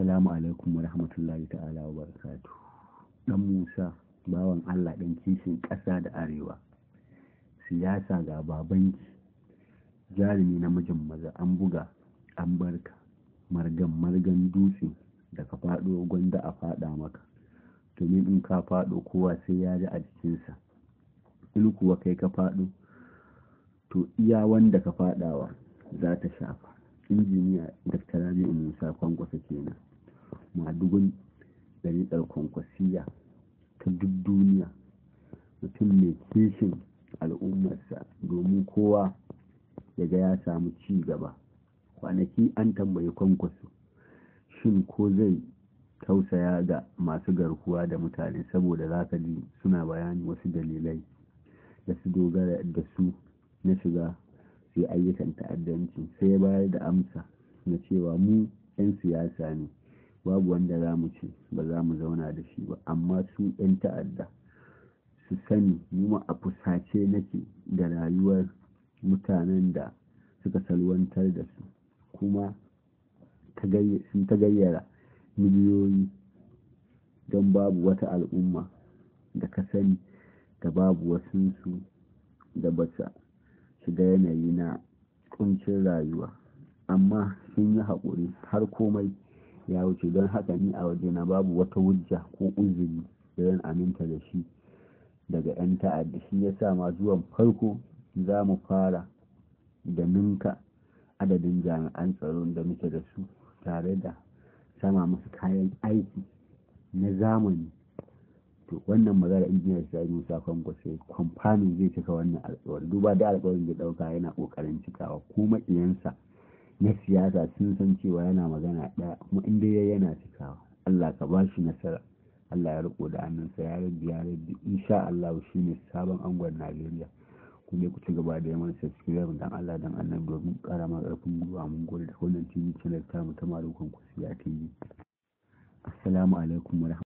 assalamu alaikum wa rahmatullahi ta'ala wa barakatu dan musa bawan allah dan kishin ƙasa da arewa siyasa ga babanki jarumi na mijin maza an buga an barka margan margan dutse da ka faɗo gwanda a faɗa maka domin in ka faɗo kowa sai ya ji a jikinsa in kuwa kai ka faɗo to iya wanda ka faɗawa za ta shafa injiniya dr rabi'u musa kwankwasa kenan madugun dariƙar kwankwasiya ta duk duniya mutum mai kishin al'ummarsa domin kowa ya ga ya samu ci gaba kwanaki an tambayi kwankwaso shin ko zai tausaya ga masu garkuwa da mutane saboda zaka ji suna bayani wasu dalilai da su dogara da su na shiga sai ayyukan ta'addanci sai bayar da amsa na cewa mu 'yan siyasa ne babu wanda za mu ce ba za mu zauna da shi ba amma su 'yan ta'adda su sani mu a fusace nake da rayuwar mutanen da suka salwantar da su kuma sun ta gayyara miliyoyi don babu wata al'umma da ka sani da babu wasu da ba shiga yanayi na kuncin rayuwa amma sun yi haƙuri har komai ya wuce don haka ni a waje na babu wata hujja ko uzuri da zan aminta da shi daga 'yan ta'adda shi ya sa ma zuwan farko za mu fara da ninka adadin jami'an tsaron da muke da su tare da sama musu kayan aiki na zamani to wannan magana injiniyar sai musa kwanko sai kwamfanin zai cika wannan alkawarin duba da alkawarin da dauka yana kokarin cikawa kuma iyansa na siyasa sun san cewa yana magana ɗaya kuma in dai yana cikawa Allah ka ba shi nasara Allah ya riko da annansa ya rabbi ya rabbi insha Allah shi ne sabon angon Najeriya ku ne ku ci gaba da yaman subscribe dan Allah dan annabi domin ma ƙarfin gwiwa mun gode da wannan TV channel ta mu ta Marukan Kusiya TV assalamu alaikum wa